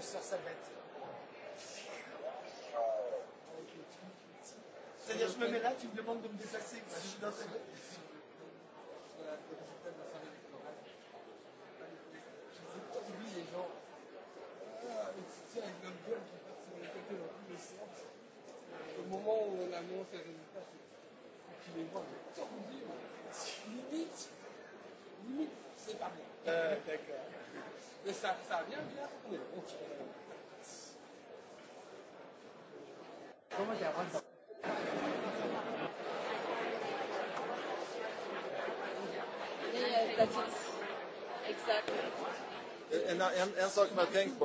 sur sa bête. C'est-à-dire, je me mets là, tu me demandes de me déplacer. Je suis dans cette... Lui, les moment où on annonce les résultats, c'est qu'il les voit, Limite, limite, c'est pas bon. Euh, D'accord. Mais ça, ça a bien bien tourné. ¿Cómo te Exactly. And, en, en sak som jag tänkt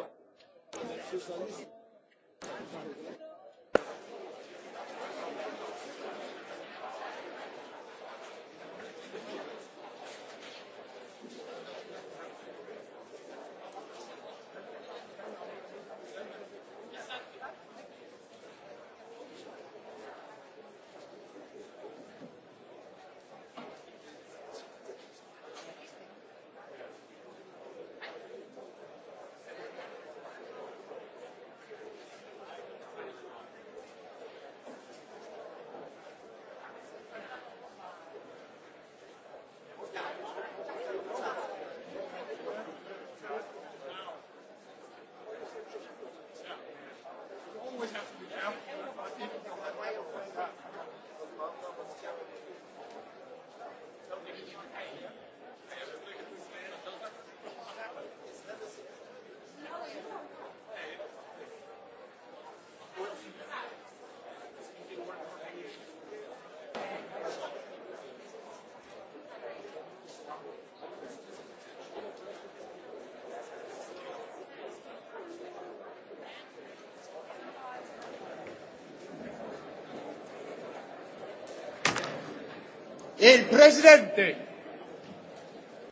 El presidente!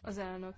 Az elnök.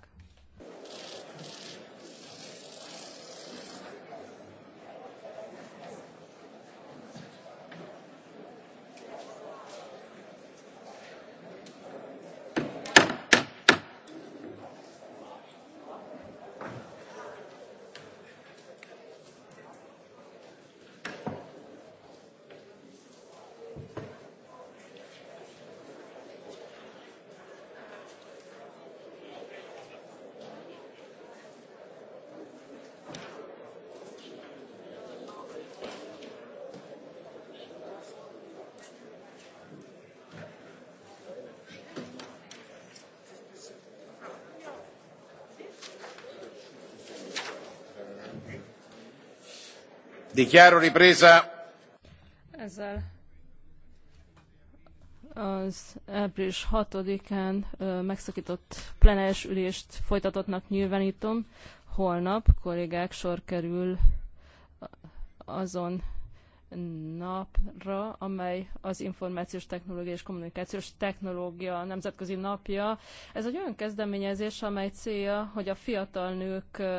Dichiaro ripresa. Ezzel az április 6-án megszakított plenáris ülést folytatottnak nyilvánítom. Holnap kollégák sor kerül azon napra, amely az információs technológia és kommunikációs technológia nemzetközi napja. Ez egy olyan kezdeményezés, amely célja, hogy a fiatal nők